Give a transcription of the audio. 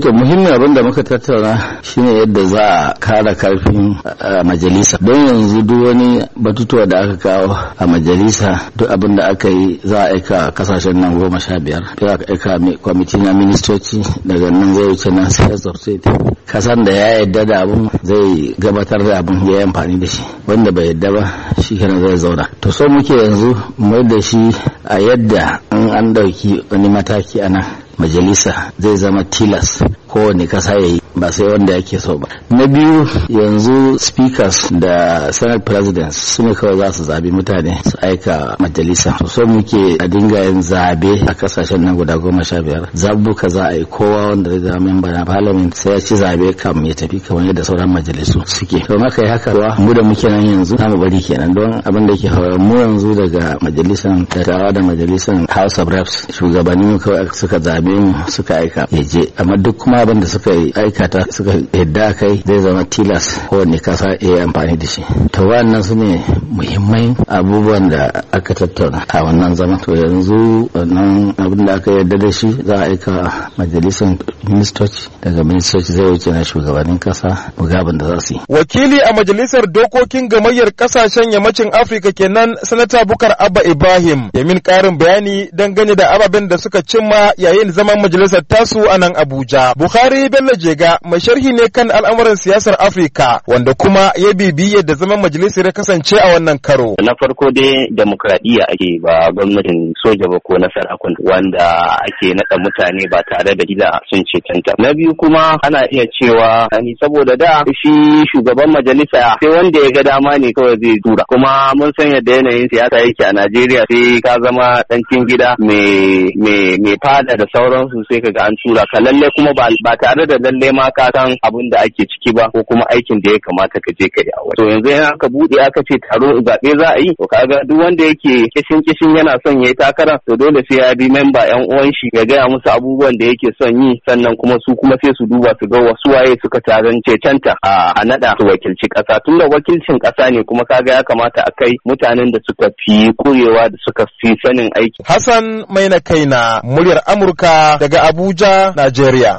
to muhimmin abin da muka tattauna shine yadda za a kara karfin majalisa don yanzu duk wani batutuwa da aka kawo a majalisa duk abin da aka yi za a aika kasashen nan goma sha biyar za a aika kwamiti na ministoci daga nan zai wuce na heads of state kasan da ya yadda da abin zai gabatar da abin ya yi amfani da shi wanda bai yadda ba shi kana zai zauna to so muke yanzu mai da shi a yadda in an ɗauki wani mataki a nan majalisa zai zama tilas kowane kasa ya yi ba sai wanda yake so ba na biyu yanzu speakers da senate presidents su ne kawai za su zabi mutane su aika majalisa so muke a dinga yin zabe a kasashen nan guda goma sha biyar zabuka za a yi kowa wanda zai zama memba na parliament sai ya ci zabe kam ya tafi kamar yadda sauran majalisu suke to maka yi haka wa mu da muke nan yanzu za mu bari kenan don abin da ke hawa mu yanzu daga majalisan dattawa da majalisan house of reps shugabanni kawai suka zabe mu suka aika ya je amma duk kuma abin da suka yi aikata suka yadda kai zai zama tilas ko kowanne kasa ya yi amfani da shi to wannan su ne muhimmai abubuwan da aka tattauna a wannan zama to yanzu wannan abin da aka yarda da shi za a aika majalisar ministoci daga ministoci zai wuce na shugabannin kasa mugabin da za su yi wakili a majalisar dokokin gamayyar kasashen yammacin afirka kenan sanata bukar abba ibrahim ya min karin bayani dangane da ababen da suka cimma yayin zaman majalisar tasu a nan abuja Bukhari Bello Jega mai sharhi ne kan al'amuran siyasar Afirka wanda kuma ya bibi yadda zaman majalisar ya kasance a wannan karo. Na farko dai demokradiyya ake ba gwamnatin soja ba ko na sarakun wanda ake naɗa mutane ba tare da gida sun ce cancanta. Na biyu kuma ana iya cewa ni saboda da shi shugaban majalisa sai wanda ya ga dama ne kawai zai tura. Kuma mun san yadda yanayin siyasa yake a Najeriya sai ka zama ɗan gida mai fada da sauransu sai ka ga an tura ka lalle kuma ba ba tare da lalle ma ka san abin da ake ciki ba ko kuma aikin da ya kamata ka je ka yi a To yanzu in aka buɗe aka ce taro zaɓe za a yi to kaga duk wanda yake kishin kishin yana son ya yi takara to dole sai ya bi memba yan uwan shi ya gaya musu abubuwan da yake son yi sannan kuma su kuma sai su duba su ga wasu waye suka taron cecanta a naɗa su wakilci ƙasa tun da wakilcin ƙasa ne kuma kaga ya kamata a kai mutanen da suka fi kurewa da suka fi sanin aiki. Hassan Maina na muryar Amurka daga Abuja, Najeriya.